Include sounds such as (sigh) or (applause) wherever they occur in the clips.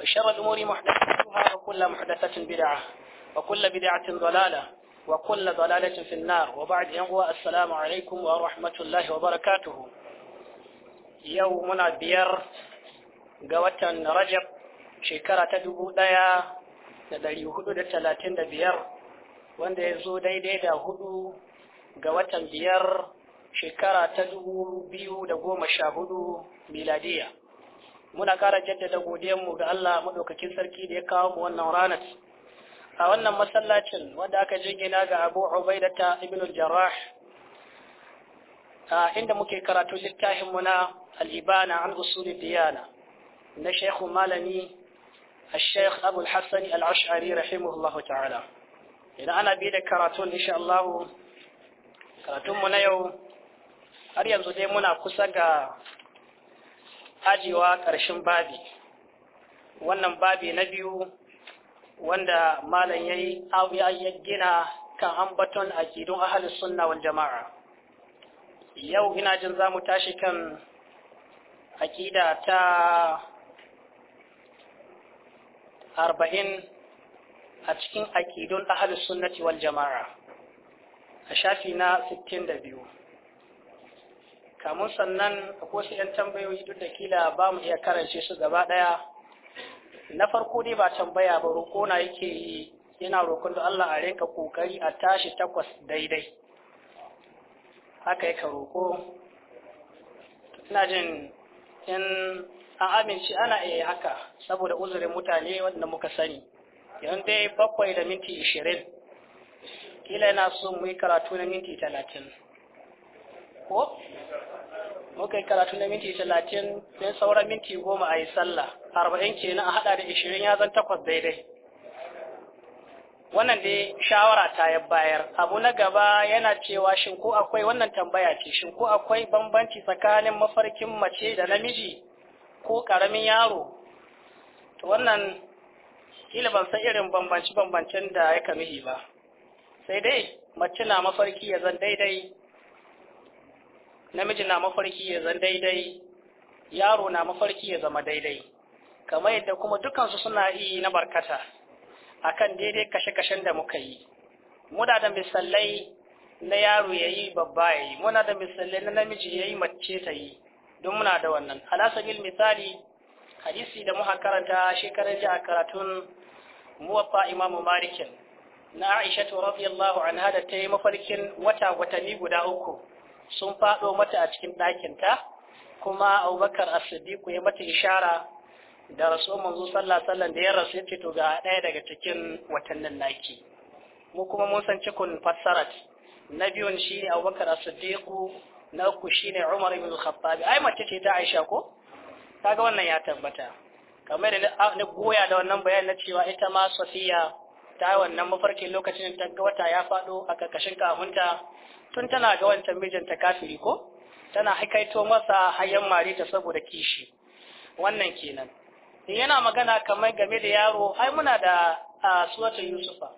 وشر الأمور محدثاتها وكل محدثة بدعة وكل بدعة ضلالة وكل ضلالة في النار وبعد ينقوى السلام عليكم ورحمة الله وبركاته يومنا بير قوة رجب شكرة تدبو ديا ندري هدو دتلاتين بير وان يزو دي دي دا هدو قوة بير شكرة تدبو بيو دقوم شاهدو ميلادية muna kara jaddada mu ga Allah madaukakin sarki da ya kawo mu wannan ranar a wannan masallacin wanda aka jingina ga Abu Ubaidata ibn al-Jarrah inda muke karatu littafin mu na al-Ibana an usul diyana na Sheikh Malami الشيخ أبو Al-Ash'ari رحمه ta'ala. Idan ana bi da karatu insha Allah الله karatunmu na yau har yanzu dai muna kusa ga ajewa ƙarshen babi wannan babi na biyu wanda malam yayi ya gina kan ambaton akidun ahli sunna wal jama'a yau ina jin zamu tashi kan aqida ta 40 a cikin akidun ahli sunnati wal jama'a a shafi na 62 kamun sannan a su 'yan tambayoyi duk da kila ba mu iya karance su gaba ɗaya na farko dai ba tambaya ba roƙo na yake yi yana roƙon da Allah a rinka kokari a tashi takwas daidai haka yake roƙo ina jin in an amince ana iya yi haka saboda uzurin mutane wanda muka sani yanzu dai bakwai da minti ishirin kila yana so mu yi karatu na minti talatin ko muka yi karatu na minti talatin don sauran minti goma a yi sallah arba'in kenan a hada da ishirin ya zan takwas daidai wannan dai shawara ta ya bayar abu na gaba yana cewa shin ko akwai wannan tambaya ce shin ko akwai bambanci tsakanin mafarkin mace da namiji ko karamin yaro to wannan kila ban san irin bambanci bambancin da ya kamihi ba sai dai mace na mafarki ya zan daidai namiji na mafarki ya zan daidai yaro na mafarki ya zama daidai kamar yadda kuma dukansu suna yi na barkata akan daidai kashe-kashen da muka yi muna da misalai na yaro ya yi babba ya yi muna da misalai na namiji ya yi mace ta yi don muna da wannan alasabil misali hadisi da muka karanta shekarar jiya karatun muwaffa imamu malikin na aisha radiyallahu anha da ta yi mafarkin wata watanni guda uku sun faɗo mata a cikin ɗakinta kuma abubakar as ya mata ishara da rasu manzo sallallahu alaihi da ya rasu ya to ga ɗaya daga cikin watannin naki mu kuma mun san cikin fassarat na biyun shi ne abubakar as na uku ne umar ibn al ai mace ce ta aisha ko kaga wannan ya tabbata kamar da na goya da wannan bayani na cewa ita ma safiya ta wannan mafarkin lokacin ta ga wata ya faɗo a karkashin kahunta tun tana ga wancan mijinta kafiri ko tana haikaito masa hayan ta saboda kishi wannan kenan yana magana kamar game da yaro ai muna da a suratul yusufa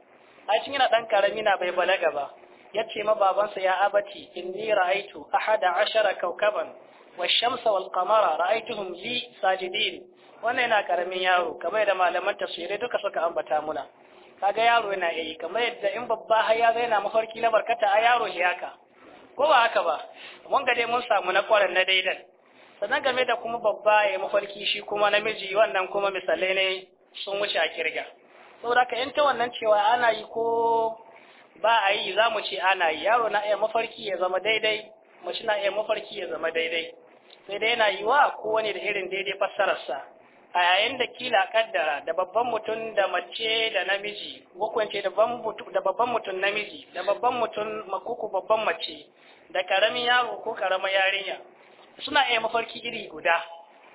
ai cin yana dan karami na bai balaga ba yace ma babansa ya abati inni ra'aitu ahada ashara Kaukaban, wa shamsa wal-qamara ra'aituhum li sajidin wannan yana karamin yaro kamar da malaman tafsirai duka suka ambata muna kaga yaro yana yayi kamar yadda in babba har ya zaina mafarki na barkata a yaro shi haka ko ba haka ba mun ga dai mun samu na kwarin na daidan sannan game da kuma babba ya mafarki shi kuma namiji wannan kuma misalai ne sun wuce a kirga saboda ka in ta wannan cewa ana yi ko ba a yi za mu ce ana yi yaro na iya mafarki ya zama daidai mace na iya mafarki ya zama daidai sai dai yana yi wa kowane da irin daidai fassararsa a yayin da kila kaddara da babban mutum da mace da namiji hukunce da babban mutum namiji da babban mutum makuku babban mace da karamin yaro ko karamar yarinya suna iya mafarki iri guda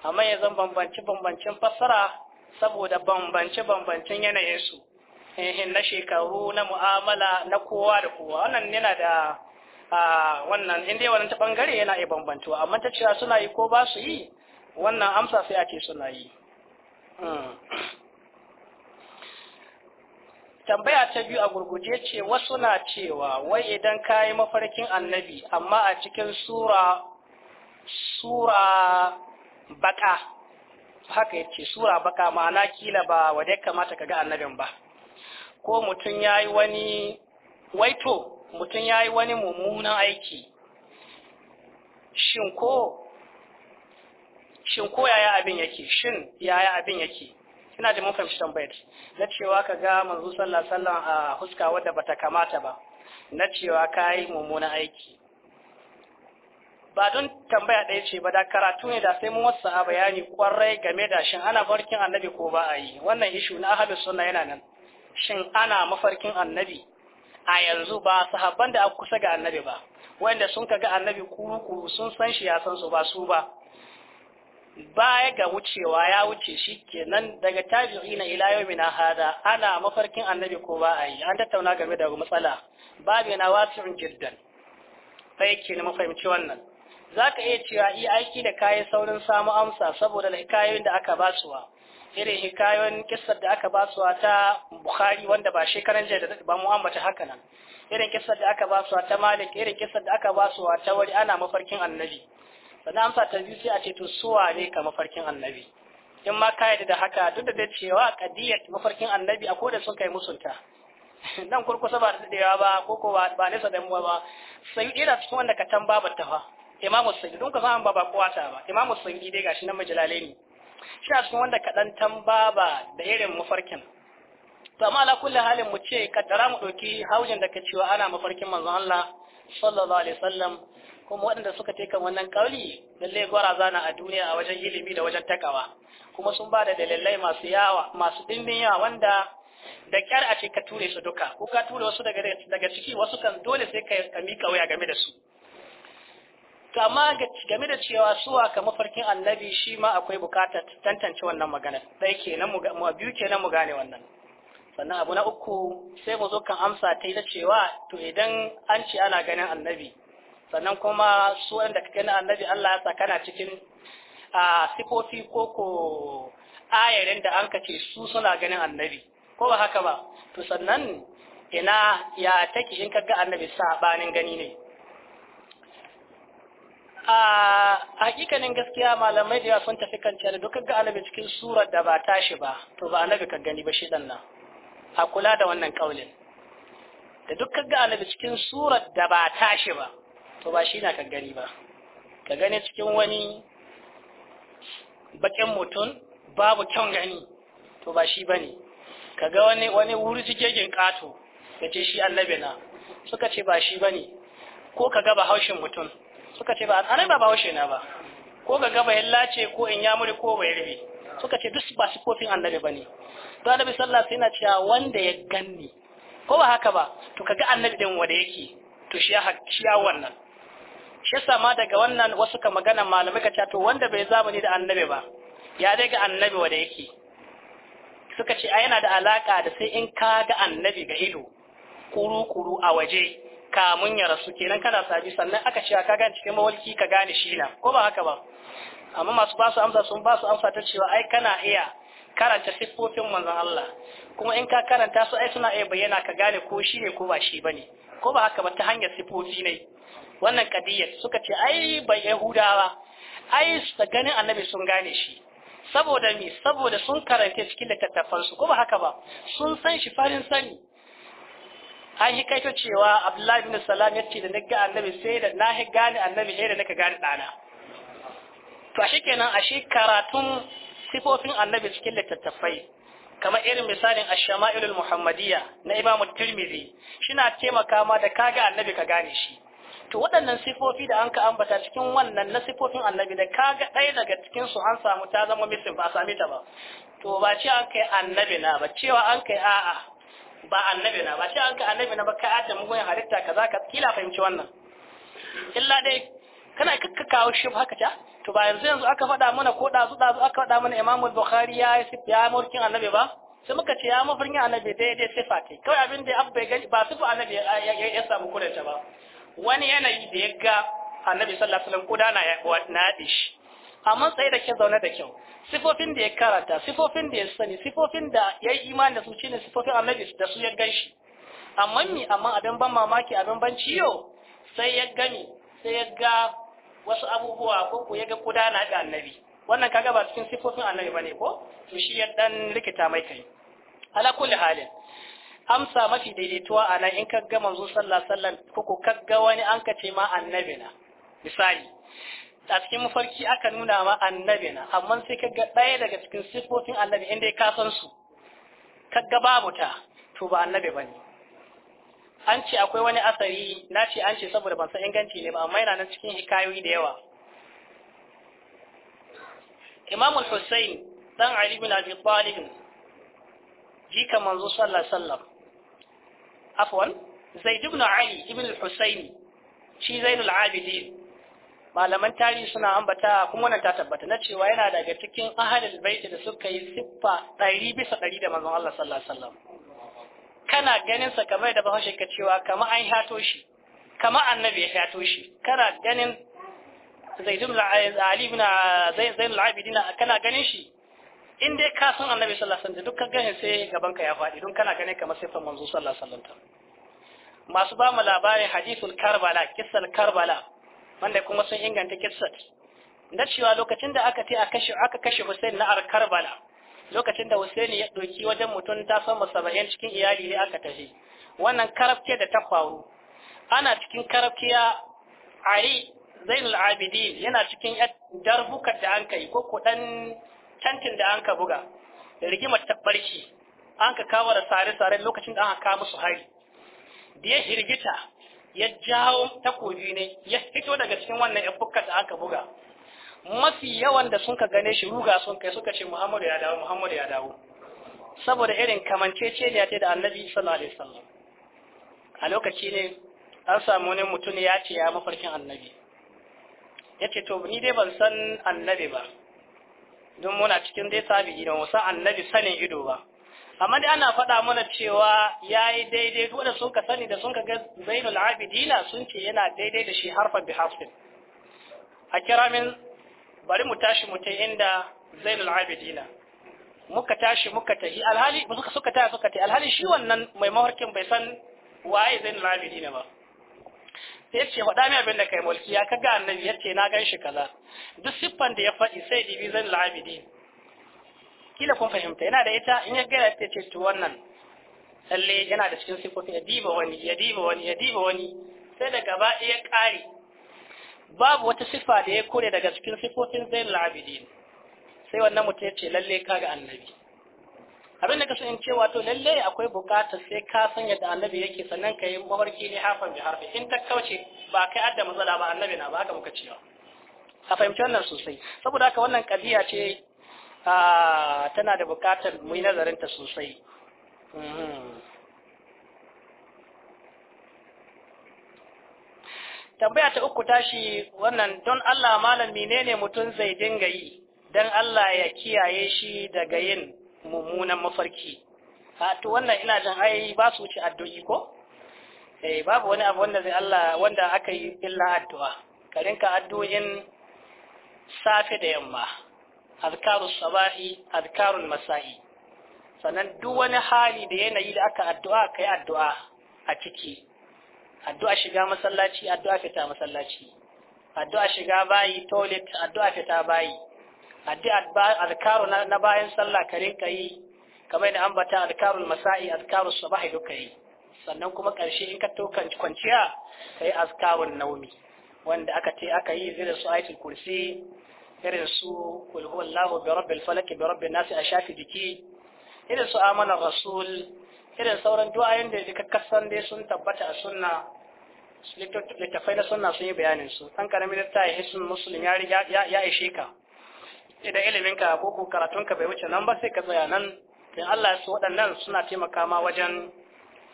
amma ya zan bambance bambancin fassara saboda bambance bambancin yanayinsu na shekaru na mu'amala na kowa da kowa wannan yana da wannan inda yawan ta bangare yana iya bambantuwa amma ta cewa suna yi ko ba su yi wannan amsa sai a ce suna yi tambaya ta biyu a gurguje ce wasu na cewa wai idan ka yi mafarkin annabi amma a cikin sura sura baka haka yace sura baka ma'ana kila ba wadda ya kamata ka ga annabin ba ko mutum ya yi wani waito mutum ya yi wani mummunan aiki shin ko shin ko yaya abin yake shin yaya abin yake ina da mun fahimci tambayar na cewa ka ga manzo sallallahu alaihi wasallam a huska wadda bata kamata ba na cewa kai mummunan aiki ba don tambaya ɗaya ce ba da karatu ne da sai mun wasu a bayani kwarai game da shin ana farkin annabi ko ba a yi wannan ishu na ahabi sunna yana nan shin ana mafarkin annabi a yanzu ba sahabban da aka kusa ga annabi ba wanda sun kaga annabi kuru-kuru sun san shi ya san su ba su ba baya ga wucewa ya wuce shi kenan daga na ilayo mina hada ana mafarkin annabi ko ba a yi an tattauna game da matsala babu na wasi'un jiddan sai yake ne mafahimci wannan zaka iya cewa yi aiki da kayan saurin samu amsa saboda hikayoyin da aka basuwa irin hikayoyin kissar da aka basuwa ta Bukhari wanda ba shekaran jiya da ba mu ambata haka nan irin kissar da aka basuwa ta Malik irin kissar da aka basuwa ta wari ana mafarkin annabi sannan an fata biyu sai a ce to suwa ne ka mafarkin annabi in ma ka yadda da haka duk da dai cewa kadiyar mafarkin annabi a koda sun kai musunta (laughs) nan kurkusa ba da dadewa ba ko ko ba nesa da muwa ba sai ina cikin wanda ka tan ba ta fa imamu sayyid don ka san ba ba ta ba imamu sayyid dai gashi nan majalale ne shi a cikin wanda ka dan tamba da irin mafarkin to amma ala kulli halin mu ce kaddara mu doki haujin da ka cewa ana mafarkin manzon Allah sallallahu alaihi wasallam kuma waɗanda suka teka wannan kauli lallai gwara zana a duniya a wajen ilimi da wajen takawa kuma sun ba da dalilai masu yawa masu ɗimbin yawa wanda da kyar a ce ka ture su duka ko ka ture wasu daga ciki wasu kan dole sai ka miƙa waya game da su to game da cewa suwa ka mafarkin annabi shi ma akwai bukatar tantance wannan magana dai kenan mu biyu kenan mu gane wannan sannan abu na uku sai mu zo kan amsa ta ita cewa to idan an ce ana ganin annabi sannan kuma su wanda kake na annabi Allah ya saka na cikin a sifofi ko ko ayarin da an kace su suna ganin annabi ko ba haka ba to sannan ina ya take in kaga annabi sabanin gani ne a hakikanin gaskiya malamai da sun tafi kan cewa duk ga annabi cikin surar da ba tashi ba to ba annabi ka gani ba shi dan nan a kula da wannan kaulin da duk ga annabi cikin surar da ba tashi ba to ba shi na ka gani ba ka gani cikin wani bakin mutum babu kyan gani to ba shi ba ne ka ga wani wuri cikin kato da ce shi annabi na suka ce ba shi ba ne ko ka gaba haushin mutum suka ce ba annabi ba haushe na ba ko ka gaba yallace ko in ya muri, ko bai rabe suka ce duk ba kofin annabi ba ne to annabi sallallahu alaihi wasallam cewa wanda ya ganni ko ba haka ba to kaga annabi din wanda yake to shi ya wannan shi ma daga wannan wasu ka magana malamai ka cato wanda bai zamani da annabi ba ya dai ga annabi wanda yake suka ce a yana da alaka da sai in ka ga annabi ga ido kuru-kuru a waje kamun ya rasu kenan kana sabi sannan aka ce ka gane cikin mawalki ka gane shi na ko ba haka ba amma masu ba su amsa sun ba su amsa ta cewa ai kana iya karanta siffofin manzon Allah kuma in ka karanta su ai suna iya bayyana ka gane ko shi ne ko ba shi bane ko ba haka ba ta hanyar siffofi ne wannan kadiyar suka ce ai bai yahudawa ai da ganin annabi sun gane shi saboda mi saboda sun karanta cikin littattafansu ko ba haka ba sun san shi farin sani an yi kaito cewa abdullahi bin salam ya ce da na ga annabi sai da na gane annabi sai da naka gane dana to ashe kenan shi karatun sifofin annabi cikin littattafai kamar irin misalin ashama'ilul muhammadiyya na imamu tirmidhi na taimaka ma da kaga annabi ka gane shi to waɗannan sifofi da an ka ambata cikin wannan na sifofin annabi da ga ɗaya daga cikin su an samu ta zama misin ba a sami ta ba to ba ce an kai annabi na ba cewa an kai a'a ba annabi na ba ce an kai annabi na ba ka adda mugun halitta kaza ka kila fahimci wannan illa dai kana kawo shi haka ta to ba yanzu yanzu aka faɗa mana ko ɗazu ɗazu aka faɗa mana imamu bukhari ya ya murkin annabi ba sai muka ce ya mafirin annabi daidai sifa kai kawai abin da abu ya gani ba sifa annabi ya samu kudanta ba wani yanayi da ya ga annabi sallallahu alaihi wasallam kudana ya naɗe shi amma tsaye da ke zaune da kyau sifofin da ya karanta sifofin da ya sani sifofin da ya yi imani da su ne sifofin annabi da su ya gan shi amma mi amma abin ban mamaki abin ban ciyo sai ya gani sai ya ga wasu abubuwa ko ko ya ga kudana da annabi wannan kaga ba cikin sifofin annabi bane ko to shi ya dan likita mai kai ala kulli halin amsa mafi daidaituwa a nan in ka ga manzo sallallahu alaihi wasallam ko ka ga wani an ka ce ma annabi na misali a cikin mafarki aka nuna ma annabi na amma sai ka ga ɗaya daga cikin sifofin annabi inda ka san su ka ga babu ta to ba annabi bane an ce akwai wani asari na ce an ce saboda ban san inganci ne ba amma yana nan cikin hikayoyi da yawa Imam al-Hussein dan Ali bin Abi Talib jika manzo sallallahu alaihi wasallam afwan zaid ibn ali ibn al-husaini shi zaid al-abidi malaman tarihi suna ambata kuma wannan ta tabbata na cewa yana daga cikin ahlul bait da suka yi siffa 100 bisa 100 da manzon Allah sallallahu alaihi kana ganin sa kamar da bahaushe ka cewa kama an hato shi kama annabi ya hato shi kana ganin zaid ibn ali ibn zaid zaid al-abidin kana ganin shi in dai ka san annabi sallallahu alaihi wasallam duk sai gaban ka ya faɗi don kana gane kamar sifar manzo sallallahu alaihi wasallam masu ba mu labarin hadithul karbala kissal karbala wanda kuma sun inganta kissat na cewa lokacin da aka ce a kashe aka kashe Hussein na ar karbala lokacin da Hussein ya doki wajen mutum ta san musaba'in cikin iyali ne aka tafi wannan karafke da ta faru ana cikin karafkiya Ali Zainul Abidin yana cikin darbuka da an kai ko ko dan tantin da an ka buga rigimar tabbarki an ka kawo da sare-sare lokacin da an kawo musu hari da ya hirgita ya jawo takobi ne ya fito daga cikin wannan yafukar da aka buga mafi yawan da sun ka gane shi ruga sun kai suka ce muhammadu ya dawo muhammadu ya dawo saboda irin ya ce da annabi sallallahu alaihi wasallam a lokaci ne an samu wani mutum ya ce ya mafarkin annabi ya ce to ni dai ban san annabi ba don muna cikin dai sabi idan wasu annabi sanin ido ba amma dai ana faɗa mana cewa ya yi daidai duk da suka sani da sun ga zainul abidina sun ce yana daidai da shi harfa bi harfin a kira min bari mu tashi mu ta inda zainul abidina muka tashi muka tahi alhali suka suka taya suka tahi alhali shi wannan mai mawarkin bai san waye zainul abidina ba yace faɗa min abin da kai mulki ya kaga annabi yace na gan shi kaza duk siffan da ya faɗi sai dibi zan labidi kila kun fahimta yana da ita in ya ga ya ce to wannan lalle yana da cikin siffofin ya diba wani ya diba wani ya diba wani sai da gaba ya ƙare babu wata siffa da ya kore daga cikin siffofin zan labidi sai wannan mutum ya ce lalle kaga annabi abin da ka san cewa to lalle akwai bukatar sai ka san yadda annabi yake sannan ka yi mawarki ne hafan bi harfi in ta kauce ba kai adda matsala ba annabi na ba haka muka cewa a fahimci wannan sosai saboda haka wannan kadiya ce tana da bukatar mu yi nazarin ta sosai hmm. tambaya ta uku tashi wannan don Allah malam menene mutum zai dinga yi dan Allah ya kiyaye shi daga yin mummunan mafarki a to wannan ina jin ai ba su wuce addu'i ko eh babu wani abu wanda zai Allah wanda aka yi illa addu'a ka rinka addu'in safe da yamma azkarus sabahi azkarul masai sannan duk wani hali da yanayi da aka addu'a kai addu'a a ciki addu'a shiga masallaci addu'a fita masallaci addu'a shiga bayi toilet addu'a fita bayi addu'a azkaru na bayan sallah ka rinka yi kamar da ambata azkarul masa'i azkarul sabahi duka yi sannan kuma karshe in ka tokan kwanciya kai azkarun naumi wanda aka ce aka yi irin su ayatul kursi irin su kul huwallahu bi rabbil falaq bi rabbin nas a shafi jiki irin su amana rasul irin sauran du'ayen da ka kasan dai sun tabbata a sunna littattafai na sunna sun yi bayanin su ɗan ƙaramin littafi hisnul muslim ya ya ishe ka idan iliminka ko karatunka bai wuce nan ba sai ka tsaya nan sai Allah su waɗannan suna taimaka ma wajen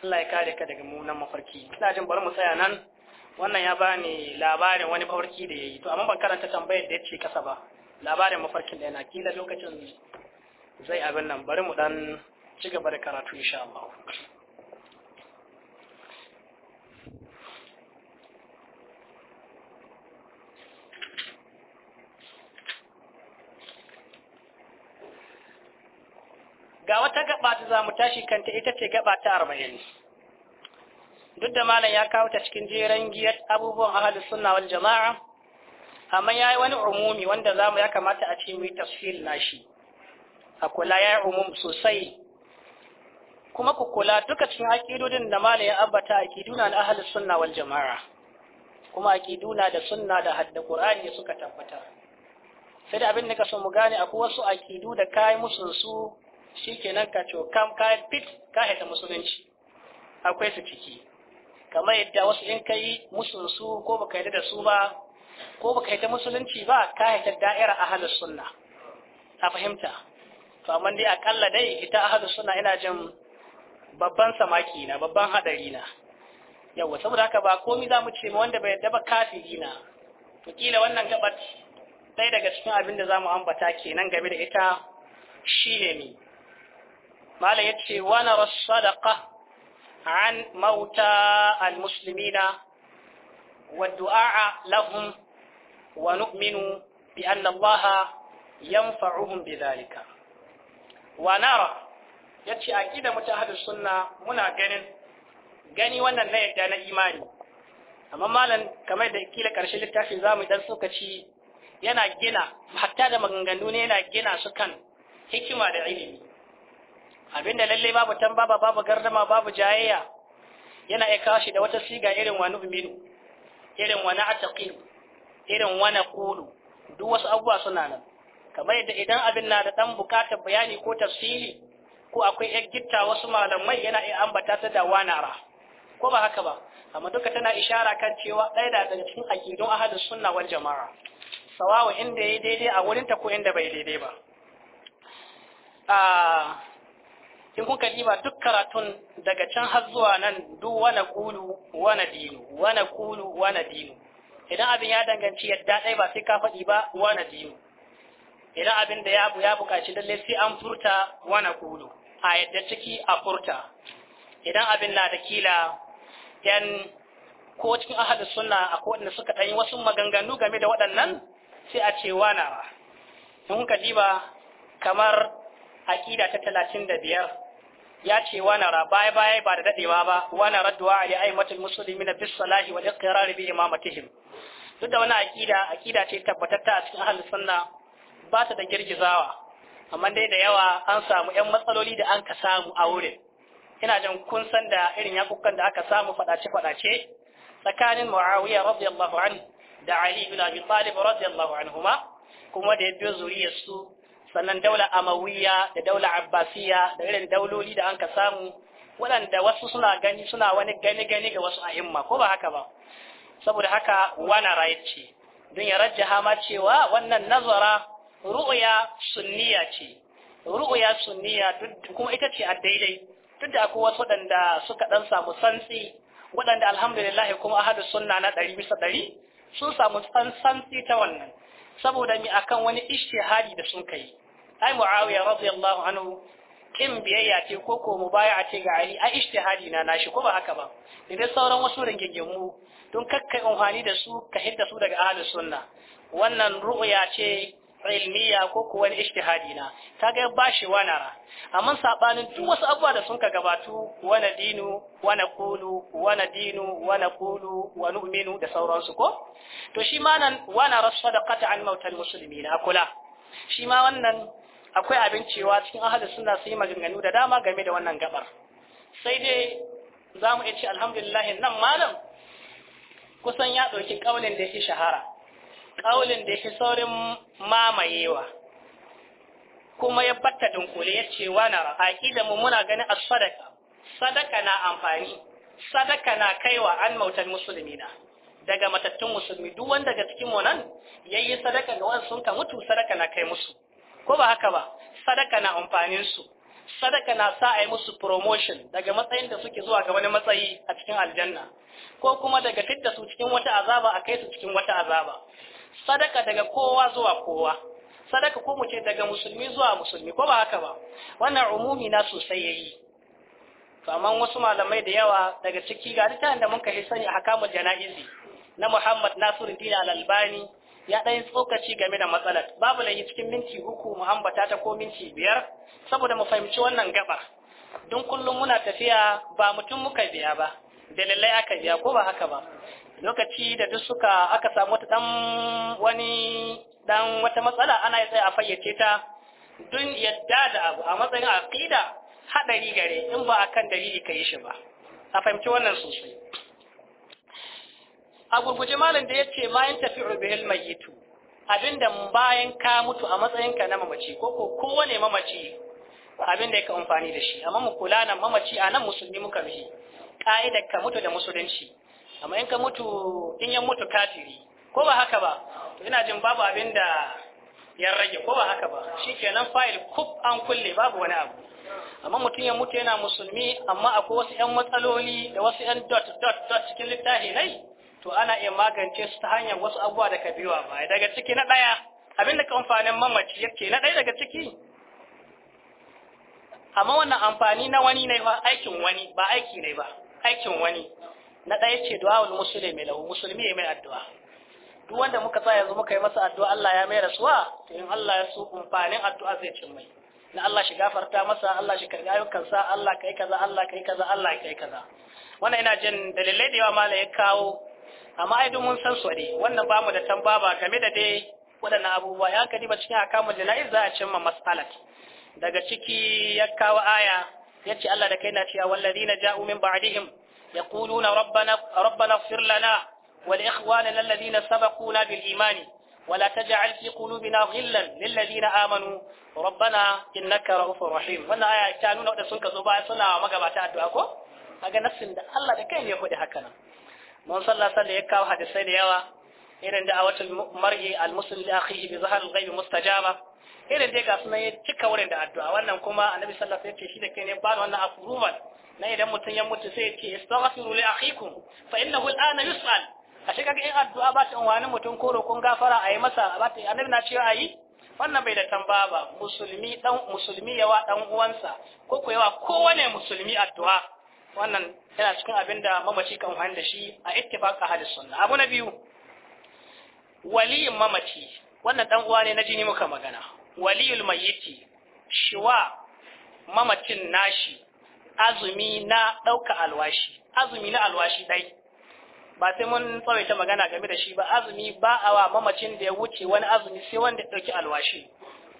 Allah ya kare ka daga munan mafarki ina jin bari mu tsaya nan wannan ya bani labarin wani mafarki da yayi to amma ban karanta tambayar da yace kasa ba labarin mafarkin da yana kila lokacin zai abin nan bari mu dan ci gaba da karatu insha Allah ga wata gaba ta za mu tashi kanta ita ce gaba ta arba'in duk da malam ya kawo ta cikin jeren giyar abubuwan ahalu sunna wal jama'a amma ya yi wani umumi wanda zamu ya kamata a ce mu yi tafsir nashi a kula ya yi umum sosai kuma ku kula duka cikin aƙidodin da malam ya ambata aƙiduna na ahalu sunna wal jama'a kuma aƙiduna da sunna da hadda qur'ani suka tabbatar sai da abin da ka so mu gane akwai wasu aƙidu da kayan musu su shi kenan ka ce kam ka fit ka haita musulunci akwai su ciki kamar yadda wasu in ka yi musulunsu su ko baka yarda da su ba ko baka haita musulunci ba ka haita da'ira ahalus suna. a fahimta to amma dai akalla dai ita ahalus suna ina jin babban samaki na babban hadari na yawa saboda haka ba komi za mu ce ma wanda bai yarda ba kafiri na to kila wannan gabat ɗaya daga cikin abin da za mu ambata kenan game da ita shi ne mi mala yace wa nara sadaqa an mauta musulmina wa du'a lahum wa nu'minu bi anna allaha yanfa'uhum bidhalika wa nara yace aqida mutahaddis sunna muna ganin gani wannan na yadda na imani amma malam kamar da kila karshe littafin mu dan sokaci yana gina hatta da maganganu ne yana gina su kan hikima da ilimi abinda lalle babu tambaba babu gardama babu jayayya yana iya kawo shi da wata siga irin wani uminu irin wani ataqilu irin wani qulu duk wasu abubuwa suna nan kamar yadda idan abin na da dan bukatar bayani ko tafsiri ko akwai yan gitta wasu malamai yana iya ambata ta da wanara ko ba haka ba amma duka tana ishara kan cewa ɗaya da daga cikin aqidun ahlus sunna wal jamaa sawawa inda yayi daidai a wurin ta ko inda bai daidai ba ah, in kuka diba duk karatun daga can har zuwa nan duk wani kulu wana dinu wana kulu wana dinu idan abin ya danganci yadda ɗaya ba sai ka faɗi ba wana dinu idan abin da ya ya buƙaci lalle sai an furta wana kulu a yadda ciki a furta idan abin na da kila yan ko cikin ahadus sunna akwai waɗanda suka ɗanyi wasu maganganu game da waɗannan sai a ce wana in kuka diba kamar aƙida ta talatin da biyar ya ce wa nara baya baya ba da dadewa ba wa nara ali li aimatul muslimina bis salahi wal iqrar bi imamatihim duk da wani akida akida ce tabbatatta a cikin ahlus sunna ba ta da girgizawa amma dai da yawa an samu yan matsaloli da an ka samu a wurin ina jin kun san da irin yakukan da aka samu fadace fadace tsakanin muawiya radiyallahu anhu da ali ibn abi talib radiyallahu anhuma kuma da yaddo zuriyar su sannan daula amawiya da daula abbasiya da irin dauloli da an ka samu waɗanda wasu suna gani suna wani gani gani ga wasu a'imma ko ba haka ba saboda haka wana right ce don ya rajjaha hama cewa wannan nazara Ru'uya sunniya ce Ru'uya sunniya kuma ita ce a daidai duk da akwai wasu waɗanda suka ɗan samu santsi waɗanda alhamdulillah kuma ahadu sunna na ɗari bisa ɗari sun samu santsi ta wannan saboda mi akan wani ishtihadi da sun kai ai muawiya radiyallahu anhu kin biyayya ce ko ko a ce ga ali ai ijtihadi na nashi ko ba haka ba idan sauran wasu mu don kakkai amfani da su ka hidda su daga ahlus sunna wannan ru'ya ce ilmiya ko ko wani ijtihadi na kaga bashi wanara amma sabanin duk wasu abubuwa da sun ka gabatu wana dinu wana qulu wana dinu wana qulu wani nu'minu da sauransu ko to shi ma nan wana rasadaqata an mautal muslimina akula shi ma wannan akwai abin cewa cikin ahalus suna su yi maganganu da dama game da wannan gabar sai dai za mu iya ce alhamdulillah nan malam kusan ya ɗauki ƙaunin da ya fi shahara ƙaunin da ya fi saurin mamayewa kuma ya batta dunkule ya ce wa na da mu muna ganin a sadaka sadaka na amfani sadaka na kaiwa an mautar musulmi na daga matattun musulmi duk wanda ga cikin mu nan yayi sadaka ga wasu sun ka mutu sadaka na kai musu ko ba haka ba sadaka na amfanin su sadaka na sa a yi musu promotion daga matsayin da suke zuwa ga wani matsayi a cikin aljanna ko kuma daga fitta su cikin wata azaba a kai su cikin wata azaba sadaka daga kowa zuwa kowa sadaka ko mu ce daga musulmi zuwa musulmi ko ba haka ba wannan umumi na sosai yayi to amma wasu malamai da yawa daga ciki ga littafin da muka sani a hakamul janaizi na Muhammad Nasiruddin Al-Albani ya ɗan tsokaci game da matsalar babu laifi cikin minti uku mu ambata ta ko minti biyar saboda mu fahimci wannan gaba don kullum muna tafiya ba mutum muka biya ba dalilai aka biya ko ba haka ba lokaci da duk suka aka samu wata dan wani dan wata matsala ana yi tsaya a fayyace ta don yadda da abu a matsayin aqida hadari gare in ba akan dalili yi shi ba a fahimci wannan sosai a gurguje malam da ce ma tafi tafi'u bihil mayitu abinda bayan ka mutu a matsayinka na mamaci ko ko kowane mamaci abinda yake amfani da shi amma mu kula nan mamaci a nan musulmi muka bi ka'ida ka mutu da musulunci amma in ka mutu in yan mutu kafiri ko ba haka ba to ina jin babu abinda ya rage ko ba haka ba shikenan fayil kuf an kulle babu wani abu amma mutum ya mutu yana musulmi amma akwai wasu 'yan matsaloli da wasu 'yan dot dot dot cikin littafi nai to ana iya magance su ta hanyar wasu abubuwa da kabiwa ba daga ciki na ɗaya abin da kamfanin mamaci yake na ɗaya daga ciki amma wannan amfani na wani ne ba aikin wani ba aiki ne ba aikin wani na ɗaya ce du'a'ul musulmi lahu musulmi ya mai addu'a duk wanda muka sa yanzu muka yi masa addu'a Allah ya mai rasuwa to in Allah ya so amfanin addu'a zai cin mai na Allah shi gafarta masa Allah shi karga ayyukansa Allah kai kaza Allah kai kaza Allah kai kaza wannan ina jin dalilai da yawa malai ya kawo amma ai mun san su ne wannan bamu da tambaba ba game da dai waɗannan abubuwa ya ka diba cikin akamun jana'iz za a cimma mas'alat daga ciki ya kawo aya yace Allah da kai na cewa wallazina ja'u min ba'dihim yaquluna rabbana rabbana ighfir lana wal ikhwana alladhina sabaquna bil imani ولا تجعل في قلوبنا غلا للذين امنوا ربنا انك رؤوف رحيم wannan aya ta nuna wadda sun ka zo baya suna magabata addu'a ko kaga nassin da Allah da kai ne ya faɗi haka nan mun sallah sallah ya kawo hadisai da yawa irin da awatul mar'i al muslim li akhihi bi zahr al ghaib irin dai ga sunan ya cika wurin da addu'a wannan kuma annabi sallallahu alaihi wasallam ya ce shi da ke ne ba wannan approval na idan mutum ya mutu sai ya ce ruli li akhikum fa innahu al ana yus'al ashe kaga in addu'a ba ta wani mutum ko roƙon gafara a yi masa ba ta annabi na cewa yi. wannan bai da tambaba musulmi dan musulmi yawa dan uwansa ko ko yawa kowane musulmi addu'a wannan yana cikin abin da mamaci kan fahimta da shi a ittifaq ahli sunna abu na biyu waliyin mamaci wannan dan uwa ne na jini muka magana waliyul shi shiwa mamacin nashi azumi na dauka alwashi azumi na alwashi dai ba sai mun tsawaita magana game da shi ba azumi ba a wa mamacin da ya wuce wani azumi sai wanda ya dauki alwashi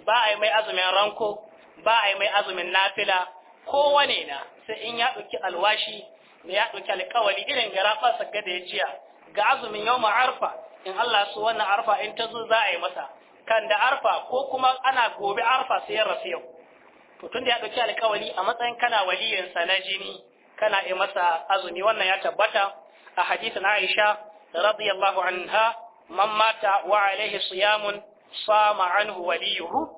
ba a yi mai azumin ranko ba a yi mai azumin nafila kowane na sai in ya ɗauki alwashi ne ya ɗauki alkawali irin garafa fasa gada ya jiya ga azumin yau arfa in Allah su wannan arfa in ta zo za a yi masa kan da arfa ko kuma ana gobe arfa sai ya rasu yau to tunda ya ɗauki alkawali a matsayin kana sa na jini kana yi masa azumi wannan ya tabbata a hadisin Aisha radiyallahu anha man mata wa alaihi siyamun sama anhu waliyuhu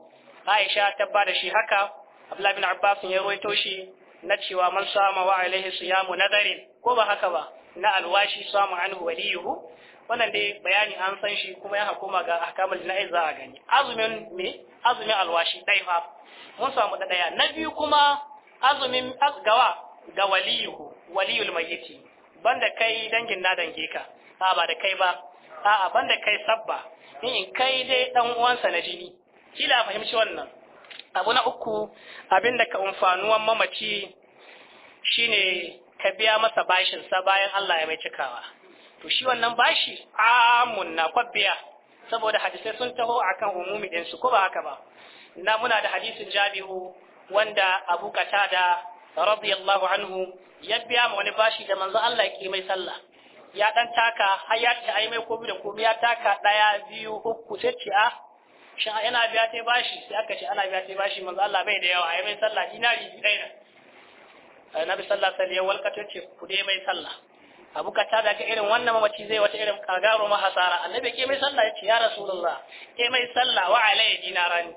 Aisha ta bada shi haka Abdullahi bin Abbas ya rawaito shi na cewa man sama wa alaihi siyamu nadarin ko ba haka ba na alwashi samu anhu waliyuhu wannan dai bayani an san shi kuma ya hukuma ga ahkamul jana'iz za a gani azumin me azumin alwashi dai fa mun samu da daya na biyu kuma azumin asgawa ga waliyuhu waliyul mayyiti banda kai dangin na dange ka a ba da kai ba a'a banda kai sabba in kai dai dan uwansa na jini kila fahimci wannan abu na uku abin da ka umfanuwan mamaci shi ne ka biya masa bashinsa bayan Allah ya mai cikawa to shi wannan bashi amun na kwabbiya saboda hadisai sun taho akan umumi ɗinsu ko ba haka ba na muna da hadisin jami'u wanda Abu da radiyallahu anhu ya biya ma wani bashi da manzo Allah ya mai sallah ya ɗan taka har ya ai mai komi da komi ya taka ɗaya biyu uku sai ce a ah, shin yana biya ta bashi sai aka ce ana biya ta bashi manzo Allah bai da yawa ai mai sallah dinari ɗaya ne annabi sallallahu alaihi wasallam walka ce ku dai mai sallah abu ka tada ka irin wannan mamaci zai wata irin kagaro ma hasara annabi ke mai sallah yace ya rasulullah ke mai sallah wa alai dinaran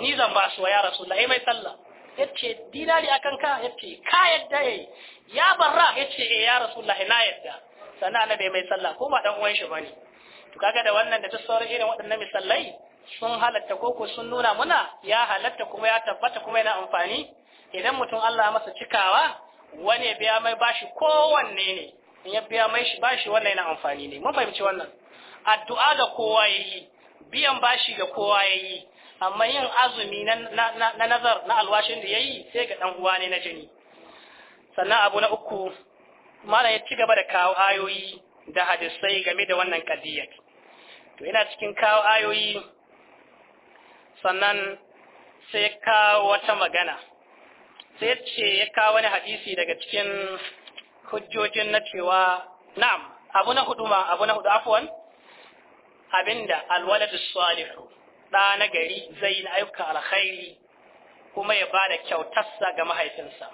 ni zan ba su wa ya rasulullah ai mai sallah yace dinari akan ka yace ka yadda yayi ya barra yace eh ya rasulullah na yadda sana annabi mai sallah ko ba dan uwan shi bane to kaga da wannan da ta sauran irin waɗannan misallai sun halatta koko sun nuna muna ya halatta kuma ya tabbata kuma yana amfani idan mutum Allah masa cikawa wani ya biya mai bashi kowanne ne in ya biya mai shi bashi wannan yana amfani ne mun fahimci wannan addu'a ga kowa yayi biyan bashi ga kowa yayi amma yin azumi na na nazar na alwashin da yayi sai ga dan uwa ne na jini sannan abu na uku mala ya ci gaba da kawo ayoyi da hadisai game da wannan kadiyyar to yana cikin kawo ayoyi sannan sai ka wata magana sai ce ya kawo wani hadisi daga cikin hujjojin na cewa na'am abu na hudu ma abu na hudu afwan abinda alwaladu salihu da na gari zai yi ayyuka alkhairi kuma ya bada kyautarsa ga mahaifinsa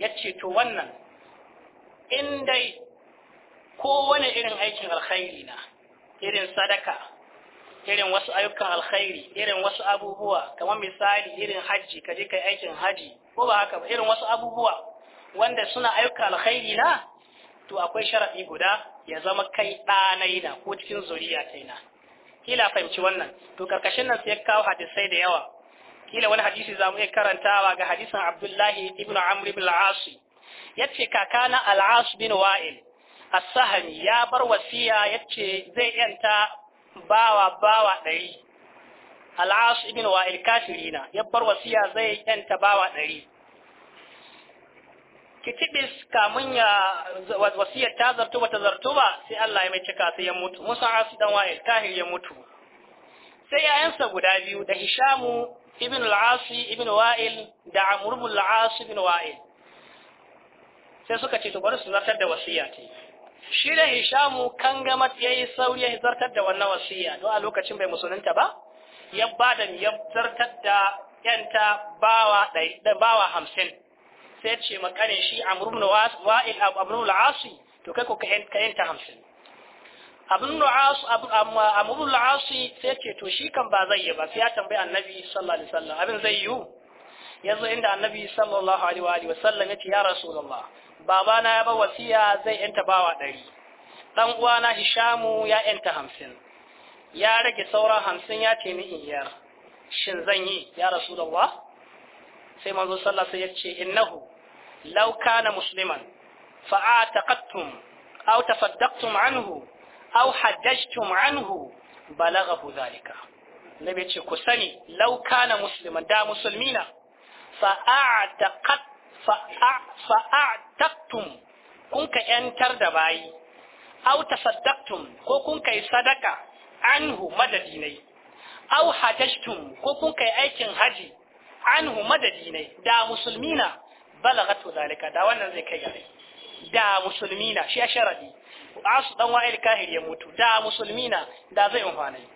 yace to wannan in dai kowane irin aikin alkhairi na irin sadaka irin wasu ayyukan alkhairi irin wasu abubuwa kamar misali irin hajji ka je kai aikin haji ko ba haka ba irin wasu abubuwa wanda suna ayyukan alkhairi na to akwai sharadi guda ya zama kai ɗanai na ko cikin zuriya kai na kila fahimci wannan to karkashin nan sai ya kawo hadisai da yawa kila wani hadisi za mu iya karantawa ga hadisin Abdullahi ibn Amr ibn al-As yace kakana al-As bin Wa'il as-Sahmi ya bar wasiya yace zai yanta bawa bawa ɗari al'as ibn wa'il na, ya bar wasiya zai yanta bawa ɗari kitibis kamun ya wasiyar ta zartu ba ta zartu ba sai Allah ya mai cika sai ya mutu musa asu dan wa'il kahir ya mutu sai yayansa guda biyu da hishamu ibn al'asi ibn wa'il da amr ibn al'as ibn wa'il sai suka ce to bari su zartar da wasiya ta. shi da Hishamu kan gama ya yi sauri ya zartar da wannan wasiya don a lokacin bai musulunta ba ya da ya zartar da yanta bawa hamsin sai ce makarin shi a wa'il amrun la'asu to kai ko ka yanta hamsin abun la'asu amrun sai ce to shi kan ba zai yi ba sai ya tambayi annabi sallallahu alaihi wasallam abin zai yi yanzu inda annabi sallallahu alaihi wa sallam ya ce ya rasulullah babana ya ba wasiya zai yanta bawa ɗari ɗan uwana hishamu ya yanta hamsin ya rage sauran hamsin ya ce ni iyar shin zan yi ya rasu da wa sai manzo sallah sai ya ce innahu law kana musliman fa ataqattum aw tafaddaqtum anhu aw hajjtum anhu balaghahu zalika nabi ce ku sani law kana musliman da musulmina fa ataqat fa'a'taktum kun ka ‘yantar da bayi, au tasaddaqtum ko kun kai sadaka anhu madadinai, au hajjtum ko kun kai aikin haji anhu madadinai, da musulmina balagatu zalika da wannan zai kai gare. Da musulmina shi ya sharadi, asu dan wa'il kahir ya mutu, da musulmina da zai umfanai.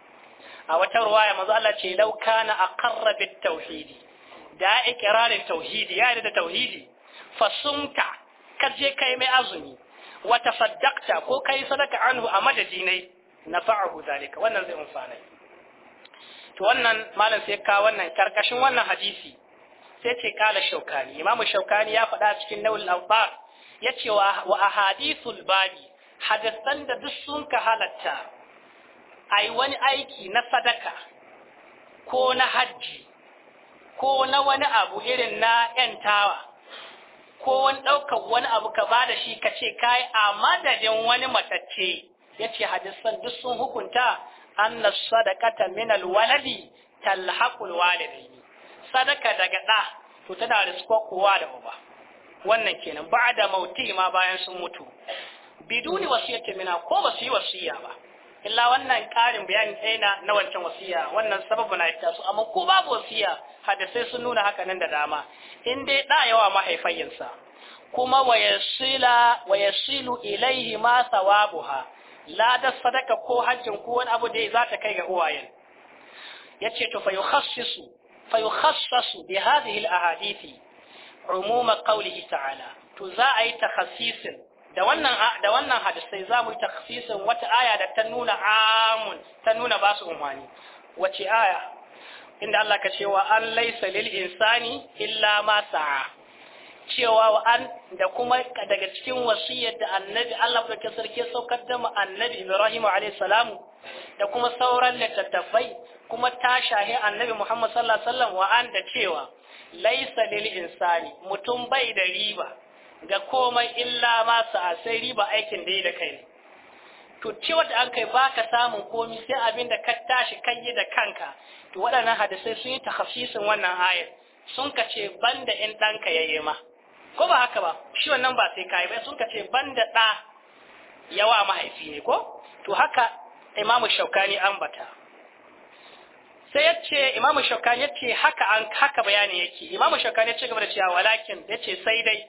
A wata ruwaya maza Allah ce law na a bit tauhidi da ikirarin tauhidi ya da tauhidi fasunta ka je kai mai azumi wa tasaddaqta ko kai sadaka anhu a madadinai nafa'ahu zalika wannan zai umfana. to wannan malam sai ka wannan karkashin wannan hadisi sai ce kala shaukani imamu shaukani ya faɗa cikin nawul al-awbar yace wa wa ahadithul babi hadisan da duk sun ka halatta ai wani aiki na sadaka ko na hajji ko na wani abu irin na ‘yantawa, ko wani ɗaukar wani abu ka ba da shi ka ce kayi a madadin wani matacce, ya ce hadisan duk sun hukunta an na sadakata minal waladi talhaqul walidi sadaka daga ɗa to tana riskuwa kowa da uba wannan kenan ba da mauti ma bayan sun mutu biduni wasiyyati mina ko ba su yi wasiya ba illa wannan ƙarin bayani ɗaya na wancan wasiya wannan sababu na ita su amma ko babu wasiya Hada sai sun nuna haka nan da dama in dai da yawa mahaifayinsa. kuma wayasila wayasilu ilaihi ma sawabuha da sadaka ko hajjin ko wani abu da za ta kai ga uwayen yace to fa yukhassisu fa yukhassasu bi hadhihi al ahadithi umuma qawlihi ta'ala to za a yi takhasisin da wannan da wannan hadisai za mu yi takhasisin wata aya da ta nuna amun ta nuna basu umani wace aya inda Allah ka cewa an laisa lil insani illa ma sa'a cewa wa an da kuma daga cikin wasiyar da annabi Allah da sarki saukar da mu annabi Ibrahim alayhi salamu da kuma sauran littattafai kuma ta shahi annabi Muhammad sallallahu alaihi wasallam wa an da cewa laisa lil insani mutum bai da riba ga komai illa ma sa'a sai riba aikin da yi da kai to ce wata an kai baka samun komi sai abin da ka tashi kai da kanka to waɗannan hadisai sun yi takhasisin wannan ayar sun ka ce banda in ɗanka yayi ma ko ba haka ba shi wannan ba sai kai ba sun ka ce banda ɗa yawa mahaifi ne ko to haka imamu shaukani ambata sai ya ce imamu shaukani yace haka an haka bayani yake imamu shaukani ya ce gaba da cewa walakin yace sai dai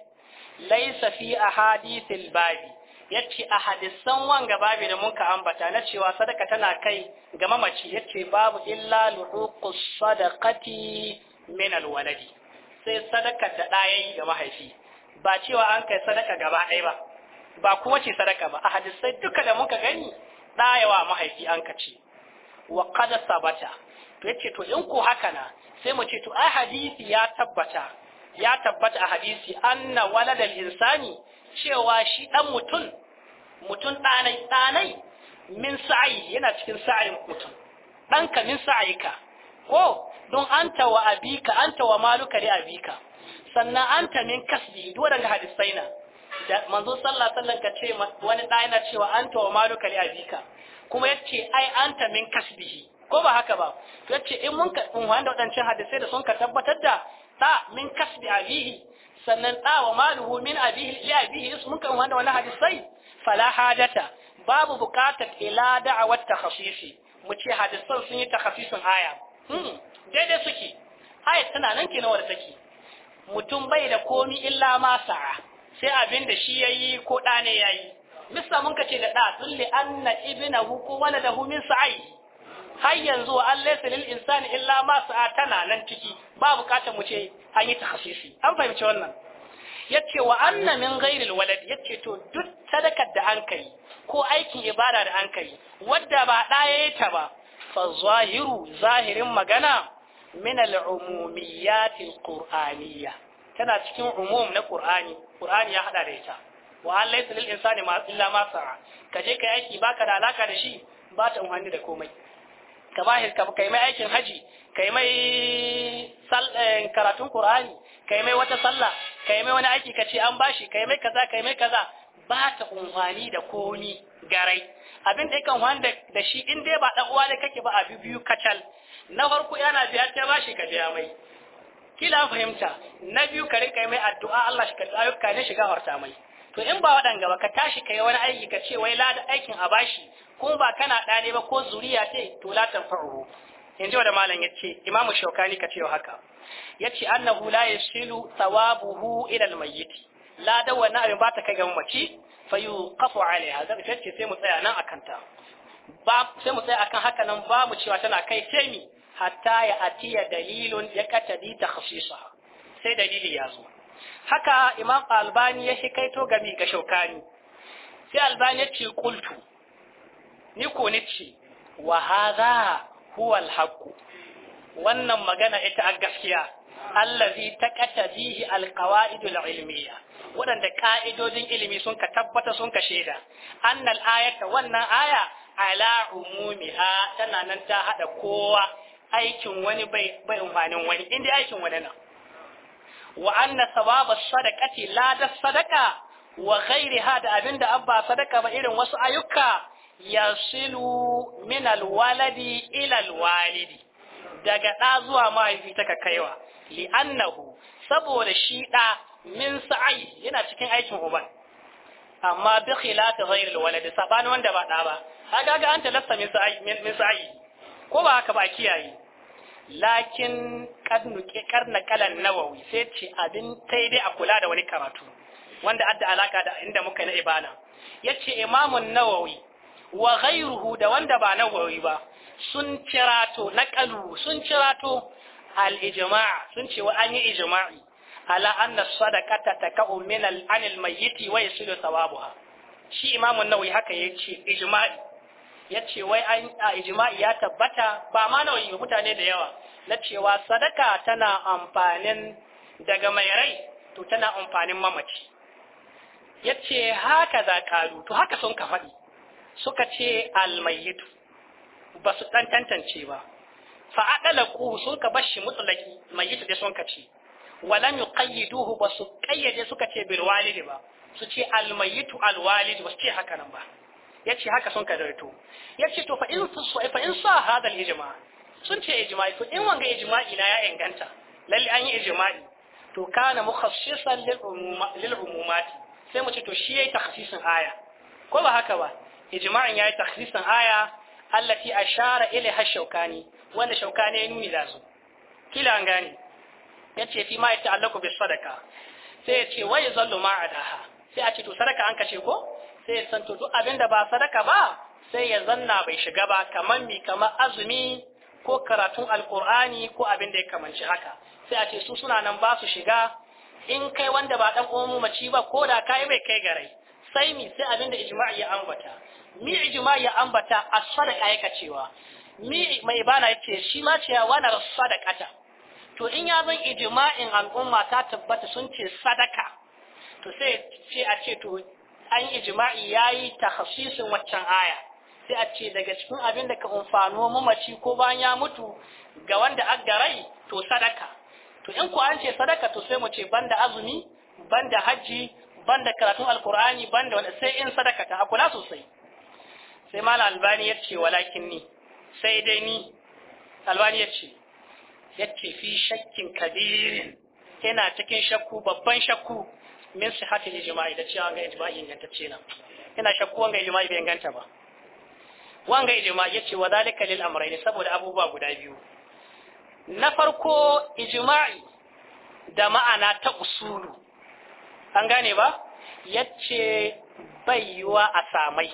laysa fi ahadithil babi yace a hadisan wanga babu da mun ka ambata na cewa sadaka tana kai ga mamaci yace babu illa luhuqus sadaqati min alwaladi sai sadaka da ɗayayi ga mahaifi ba cewa an kai sadaka gaba ɗaya ba ba kuma ce sadaka ba a hadisai duka da muka gani ɗayawa mahaifi an ka ce wa qad sabata to yace to in ko haka na sai mu ce to ai hadisi ya tabbata ya tabbata a hadisi anna waladal insani cewa shi dan mutum mutum ɗanai ɗanai min sa'ayi yana cikin sa'ayin mutum ɗanka min ka. ko don anta wa abika anta wa maluka da abika sannan anta min kasbi duk waɗanda hadisai na da manzo sallallahu alaihi ka ce wani ɗa yana cewa anta wa maluka da abika kuma ya ce ai anta min kasbihi ko ba haka ba yace in mun ka in wanda wadancan hadisai da sun ka tabbatar da ta min kasbi abihi sannan ɗa wa maluhu min abihi li abihi ismun kan wanda wani hadisai fala hajata babu bukatar ila da'awat takhasisi mu ce hadisan sun yi takhasisin aya hmm, daidai suke aya tana nan kenan wadda take mutum bai da komi illa ma sa'a sai abin da shi yayi ko da ne yayi misa mun ka ce da da sun li anna ibnahu ko waladahu min sa'i har yanzu wa lil insani illa ma sa'a tana nan ciki ba bukatar mu ce an yi takhasisi an fahimci wannan yace wa anna min ghairil walad yace to duk sadakar da an kai ko aikin ibada da an kai wadda ba daya ta ba fa zahiru zahirin magana min al-umumiyat al-qur'aniyya tana cikin umum na qur'ani qur'ani ya hada da ita wa an lil insani ma illa ma sa'a kaje kai aiki baka da alaka da shi ba ta umarni da komai ka ba ka kai mai aikin haji kai mai eh, karatun qur'ani kai mai wata sallah kai mai wani aiki ka ce an bashi kai mai kaza kai mai kaza ba ta kunfani da komi garai abin da yakan wanda da shi in dai ba dan uwa da kake ba a biyu kacal na farko yana biya ta bashi ka biya mai kila fahimta na biyu ka rinka mai addu'a Allah shi karbi ayyuka ne shiga harta mai to in ba wadanga ba ka tashi kai wani aiki ka ce wai lada aikin a bashi ko ba kana ɗane ne ba ko zuriya ce to la tanfa'u in ji wa da malam yace imamu shaukani ka ce haka yace annahu la ya silu ila almayyit la da wannan abin ba ta kai ga mamaci fayuqafu alaiha zaka ce sai mu tsaya nan akan ta ba sai mu tsaya kan haka nan ba mu cewa tana kai sai hatta ya atiya dalilun ya katadi takhsisa sai dalili ya zo haka imam albani ya shikaito ga mi ga shaukani sai albani ya ce kultu. ni ko ni ce wa hadha huwa wannan magana ita a gaskiya allazi taqata bihi alqawaidul ilmiya wadanda ƙa'idodin ilimi sun ka tabbata sun ka sheda annal ayata wannan aya ala umumiha tana nan ta hada kowa aikin wani bai bai umfanin wani inda aikin wani na wa anna sawaba sadaqati la da sadaqa wa ghairiha da abinda abba sadaqa ba irin wasu ayyuka yasilu min alwaladi ila alwalidi daga ɗa zuwa mahaifi ta kaiwa li'annahu saboda shi ɗa min sa'ai yana cikin aikin uban amma bi khilafi ghayril walad ni wanda ba ɗa ba kaga ga an talasta min sa'ai min ko ba haka ba kiyaye lakin karnu karna kalan nawawi sai ce abin sai dai a kula da wani karatu wanda adda alaka da inda muka na ibana yace imamun nawawi wa ghayruhu da wanda ba nawawi ba sun cirato ƙalu. sun cirato al-ijma' sun ce wa an yi ijma'i ala anna sadaqata takau min al-an al-mayyit wa yasilu thawabuha shi imamu nawawi haka yace ijma'i yace wai an ijma'i ya tabbata ba ma mutane da yawa na cewa sadaka tana amfanin daga mai rai to tana amfanin mamaci yace haka za ka to haka sun ka faɗi suka ce al-mayyitu ba su ɗan tantance ba fa adalaku sun ka Mai yi su da sun kace walam yuqayyiduhu ba su kayyade suka ce bil walidi ba su ce al mayyitu al walid ba su ce haka nan ba Ya ce haka sun ka Ya ce to fa in su fa in sa hadal ijma sun ce ijma'i to in wanga ijma'i na ya inganta lalle an yi ijma'i to kana mukhassisan lil umumati sai mu ce to shi yayi takhsisin aya ko ba haka ba ijma'in yayi takhsisin aya allati ashara ilaiha shaukani wanda shaukani ya nuni da su kila an gane yace fi ma yata'allaku bis sadaka sai ya ce wai zallu ma sai a ce to sadaka an kace ko sai ya san to duk abinda ba sadaka ba sai ya zanna bai shiga ba kaman mi kamar azumi ko karatun alkur'ani ko abin da ya kamanci haka sai a ce su suna nan ba su shiga in kai wanda ba dan uwan mace ba ko da kai bai kai garai sai mi sai abin da ijma'i ya ambata mi'juma ya ambata as-sadaqa yake cewa mi mai bana yace shi ma cewa wanar sadaqata to in ya zan ijma'in al'umma ta tabbata sun ce sadaka to sai ce a ce to an ijma'i yayi takhsisin waccan aya sai a ce daga cikin abin da ka umfano mamaci ko bayan ya mutu ga wanda aggarai to sadaka to in ku an ce sadaka to sai mu ce banda azumi banda haji banda karatun alkur'ani banda wanda sai in sadaka ta akula sosai sai mala albani ya ce walakin ni sai dai ni albani ya ce ya ce fi shakkin kadirin yana cikin shakku babban shakku min sihatin jima'i da cewa ga inganta ce na yana shakku wanga jima'i bai inganta ba wanga jima'i ya ce wa zalika lil ne saboda abubuwa guda biyu na farko jima'i da ma'ana ta usulu an gane ba Ya ce bayuwa a samai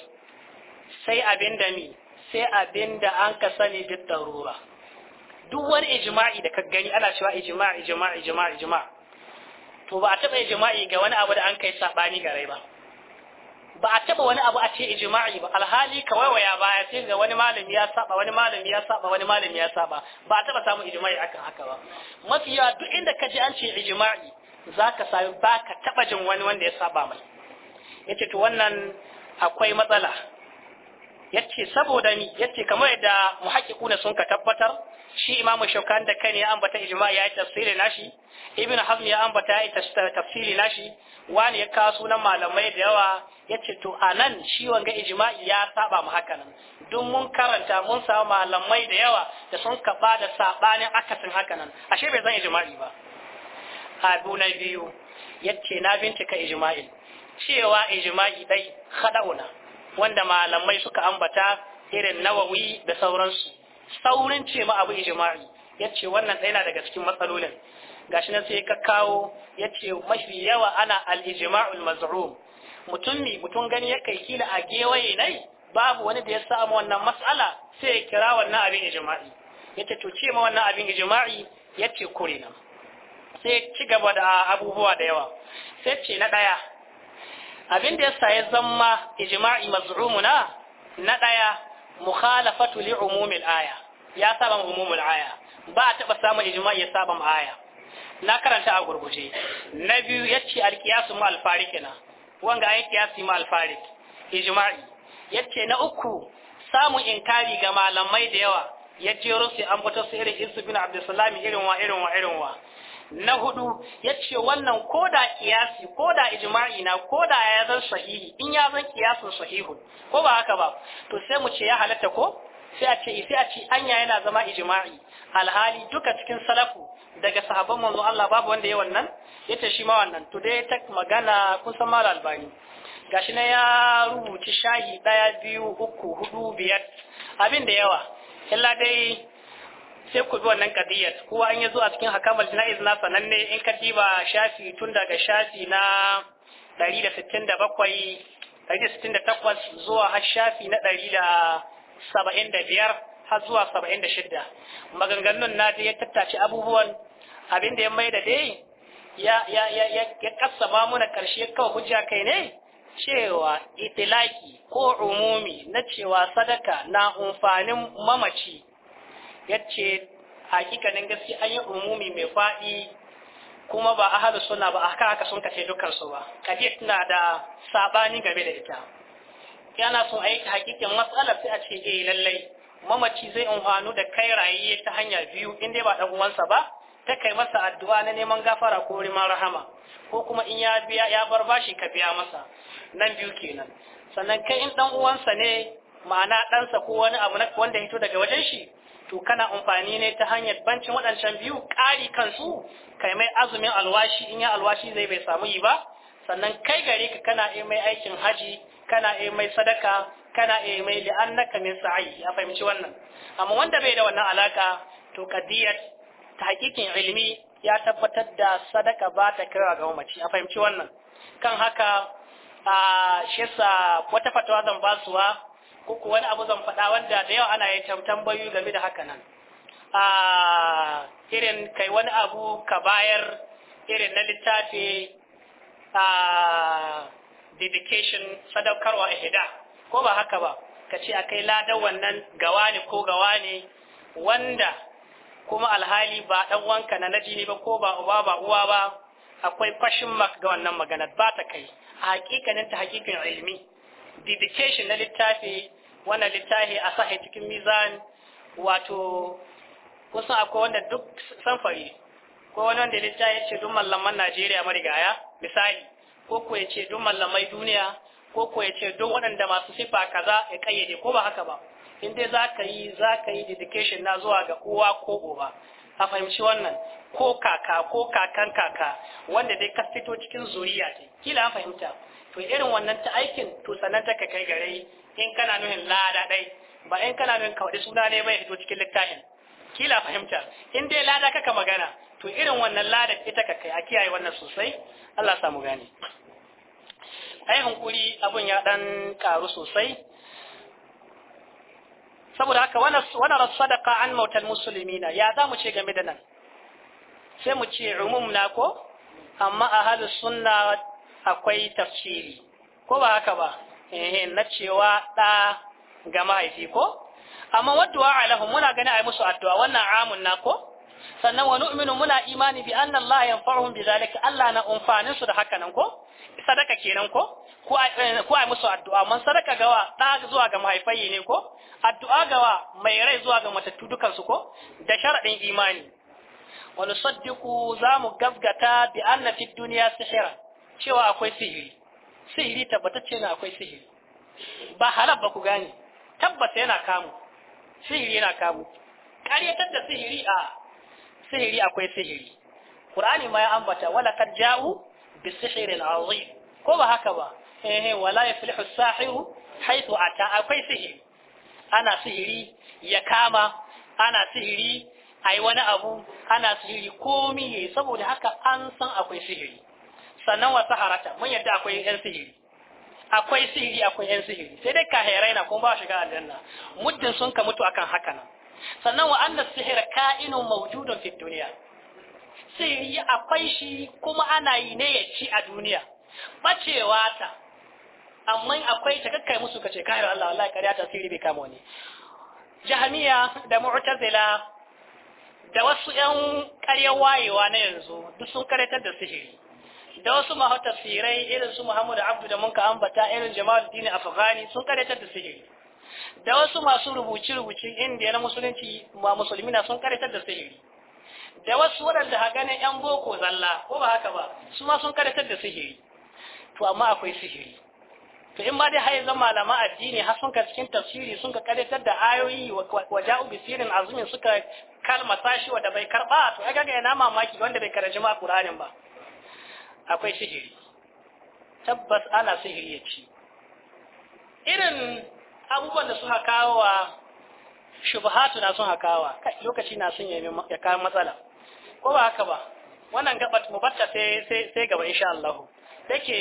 sai abin da mi sai abin da an ka sani duk darura duk wani ijma'i da ka gani ana cewa ijma'i ijma'i ijma'i ijma'i to ba a taba ijma'i ga wani abu da an kai sabani ga rai ba ba a taba wani abu a ce ijma'i ba alhali ka waya baya sai ga wani malami ya saba wani malami ya saba wani malami ya saba ba a taba samu ijma'i akan haka ba mafi yawa duk inda ka ji an ce ijma'i zaka sami ba ka taba jin wani wanda ya saba mai yace to wannan akwai matsala yace saboda ni yace kamar yadda muhaqqiquna sun ka tabbatar shi Imam Shaukan da kai ya ambata ijma ya yi tafsiri nashi Ibn Hazm ya ambata ya yi tafsiri nashi wani ya kawo sunan malamai da yawa yace to anan shi wanga ijma ya saba mu nan duk mun karanta mun samu malamai da yawa da sun ka bada sabanin akasin nan ashe bai zan ijma'i ba abu na biyu yace na bincika ijma'in cewa ijma'i dai khada'una wanda malamai suka ambata irin nawawi da sauransu saurin ce ma abu ijma'i yace wannan ɗaya daga cikin matsalolin gashi na sai ka kawo yace mafi yawa ana al-ijma'ul maz'um mutum ne mutum gani ya kila a gewaye nai babu wani da ya samu wannan mas'ala sai ya kira wannan abin ijma'i yace to ce ma wannan abin ijma'i yace kore nan sai ci gaba da abubuwa da yawa sai ce na ɗaya. abin da ya ya zama ijma'i maz'umuna na daya mukhalafatu li umumil aya ya saba umumul aya ba a taba samun ijma'i ya saba aya na karanta a gurguje na biyu yace alqiyasu ma alfarikina wanga ayi qiyasi ma alfarik ijma'i yace na uku samun inkari ga malamai da yawa ya rusi an fito su irin isu bin irin wa irin wa irin wa na hudu ce wannan koda kiyasi koda ijma'i na koda ya zan sahihi in ya zan kiyasin sahihu ko ba haka ba to sai mu ce ya halatta ko sai a ce sai a ce anya yana zama ijma'i alhali duka cikin salafu daga sahabban manzo Allah babu wanda ya wannan yace shi ma wannan to dai ta magana kun san mal albani gashi na ya rubuci shahi daya biyu uku hudu biyar abin da yawa illa dai sai ku bi wannan kadiyar kowa an yi a cikin hakamar jana'iz na sananne in ka diba shafi tun daga shafi na 167 168 zuwa har shafi na 175 har zuwa 76 maganganun na ta ya tattace abubuwan abin da ya mai da dai ya kasa ba muna karshe kawai hujja kai ne cewa itilaki ko umumi na cewa sadaka na umfanin mamaci yace hakikanin gaskiya an yi umumi mai faɗi kuma ba a ahlus suna ba haka haka sun kace dukkan su ba kaje tana da sabani game da ita yana son aiki hakikin matsalar sai a ce eh lallai mamaci zai umhanu da kai rayiye ta hanya biyu in dai ba dan uwansa ba ta kai masa addu'a na neman gafara ko rima rahama ko kuma in ya biya ya bar bashi ka biya masa nan biyu kenan sannan kai in dan uwansa ne ma'ana ɗansa ko wani abu wanda ya fito daga wajen shi to kana amfani ne ta hanyar bancin waɗancan biyu ƙari kansu kai mai azumin alwashi in ya alwashi zai bai samu yi ba sannan kai gare ka kana iya mai aikin haji kana iya mai sadaka kana iya mai li'annaka min sa'i ya fahimci wannan amma wanda bai da wannan alaka to qadiyat ta hakikin ilimi ya tabbatar da sadaka ba ta kira ga umarci ya fahimci wannan kan haka a shesa wata fatawa zan basuwa kuku wani abu zan faɗa wanda da yau ana yin tambayoyi game da haka nan a irin kai wani abu ka bayar irin na littafi a dedication sadaukarwa a hida ko ba haka ba ka ce a kai ladan wannan gawa ne ko gawa ne wanda kuma alhali ba ɗan wanka na naji ne ba ko ba uwa ba uwa ba akwai fashin mark ga wannan maganar ba ta kai a hakikanin ta hakikin ilmi dedication na littafi wannan littafi a sahi cikin mizan wato kusan akwai wanda duk samfari ko wani wanda littafi ya ce duk mallaman Najeriya marigaya misali ko ko ce duk mallamai duniya ko ko ce duk waɗanda masu sifa kaza ya kayyade ko ba haka ba in dai za ka yi za ka yi dedication na zuwa ga kowa ko uba a fahimci wannan ko kaka ko kakan kaka wanda dai ka fito cikin zuriya ce kila fahimta to irin wannan ta aikin to sannan ta kai gare in kana nuhin lada dai ba in kana nuhin kawai suna ne bai fito cikin littafin kila fahimta in dai lada kaka magana to irin wannan lada ita ka kai a kiyaye wannan sosai Allah samu gane ai hankuri abun ya dan karu sosai saboda haka wani sadaka an mautal musulmi ya za mu ce game da nan sai mu ce umum na ko amma a sunna akwai tafsiri ko ba haka ba eh na cewa da ga mahaifi ko amma waddu'a alahu muna gani ai musu addu'a wannan amun na ko sannan wa nu'minu muna imani bi anna Allah yanfa'uhum bi zalika Allah na umfanin su da haka nan ko sadaka kenan ko ko ai eh, musu addu'a man sadaka gawa da zuwa ga mahaifai ne ko addu'a gawa mai rai zuwa ga matattu dukan su ko da sharadin imani wa nusaddiqu za mu bi anna fid dunya sihira cewa akwai sihiri sihiri tabbatacce na akwai sihiri ba halab ba ku gane tabbata yana kamu sihiri yana kamu ƙaryatar da sihiri a sihiri akwai sihiri ƙurani ma ya ambata wala kan ja'u bi sihirin azim ko ba haka ba ehe wala yaflihu as-sahiru a ata akwai sihiri ana sihiri ya kama ana sihiri ai wani abu ana sihiri komi yayi saboda haka an san akwai sihiri sannan wa saharata mun yadda akwai yan sihiri akwai sihiri akwai yan sihiri sai dai kahirai na kuma ba shiga aljanna muddin sun ka mutu akan haka nan sannan wa annas sihir ka'inun mawjudun fi sihiri akwai shi kuma ana yi ne ya ci a duniya bacewa ta amma akwai ta kakkai musu kace kahir Allah wallahi kariya ta sihiri bai kama wani jahamiya da mu'tazila da wasu 'yan ƙaryar wayewa na yanzu duk sun karatar da sihiri da wasu mahu tafsirai irin su Muhammadu Abdu da munka ambata irin Dini Afghani sun karatar da sihiri da wasu masu rubuce-rubucin indiya na musulunci ma musulmina sun karatar da sihiri da wasu waɗanda haganin ƴan boko zalla ko ba haka ba su ma sun karatar da sihiri to amma akwai sihiri to in ba dai har zan malama addini har sun ka cikin tafsiri sun ka karatar da ayoyi wa ja'u bi sirin azumin suka kalmasa shi wanda bai karba to ga yana mamaki wanda bai karanci ma Qur'anin ba akwai sihiri tabbas ana sihiri ya ci irin abubuwan da suka kawowa shubhatu na sun hakawa lokaci na sun yi ya kawo matsala ko ba haka ba wannan gabat mu batta sai sai sai gaba insha Allah dake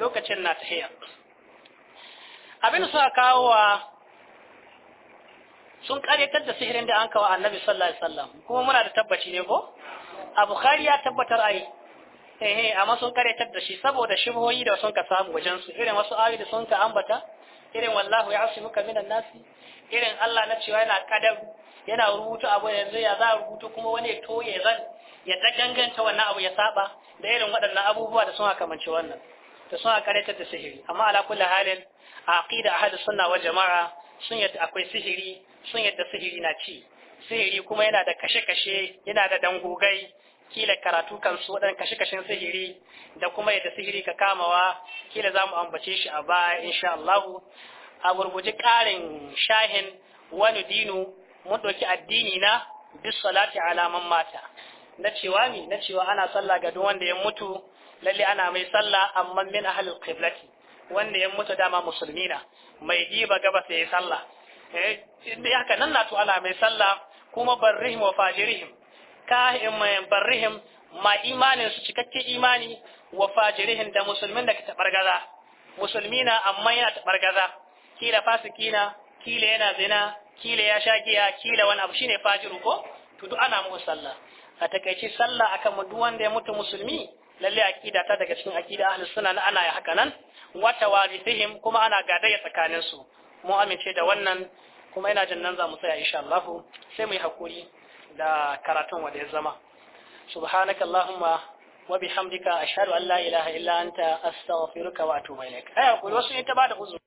lokacin na tahiya abin suka kawowa sun karyatar da sihirin da an kawo annabi sallallahu alaihi wasallam kuma muna da tabbaci ne ko a bukhari ya tabbatar ai Eh, eh amma sun karyatar da shi saboda shubhoyi da sun ka samu wajen su irin wasu ayoyi da sun ka ambata irin wallahu ya'simuka minan nasi irin Allah na cewa yana kadar yana rubuta abu yanzu ya za rubutu rubuta kuma wani ya toye zan ya daganganta wannan abu ya saba da irin waɗannan abubuwa da sun akamanci wannan da sun akaraitar da sihiri amma ala kulli halin a aqida ahlus sunna wal jamaa sun yadda akwai sihiri sun yadda sihiri na ci sihiri kuma yana da kashe-kashe yana da dangogai kila karatu kan su waɗannan kashe-kashen sihiri da kuma yadda sihiri ka kamawa kila za mu ambace shi a baya insha shallahu. a gurguji ƙarin shahin wani dinu mun ɗauki addini na bis salati alaman mata na cewa ne na cewa ana sallah ga duk wanda ya mutu lalle ana mai sallah amma min ahlul qiblati wanda ya mutu dama musulmi na mai diba gaba sai sallah eh haka nan na to ana mai sallah kuma barrihim wa fajirihim barrihim ma imanin su cikakke imani wa fajirihin da musulmin da ka gaza? musulmi na amma yana tabargaza kila fasikina kila yana zina kila ya shagiya kila wani abu shine fajiru ko to duk ana muku sallah a takaici sallah akan duk wanda ya mutu musulmi lalle akida ta daga cikin akida ahlus sunna na ana ya haka nan wa tawarithihim kuma ana gadaya tsakanin su mu amince da wannan kuma ina jin nan za mu tsaya insha Allah sai mu yi hakuri da karatun wanda ya zama subhanaka allahumma wa bihamdika ashhadu an la ilaha illa anta astaghfiruka wa atubu ilaik ai akwai wasu ita ba da uzuri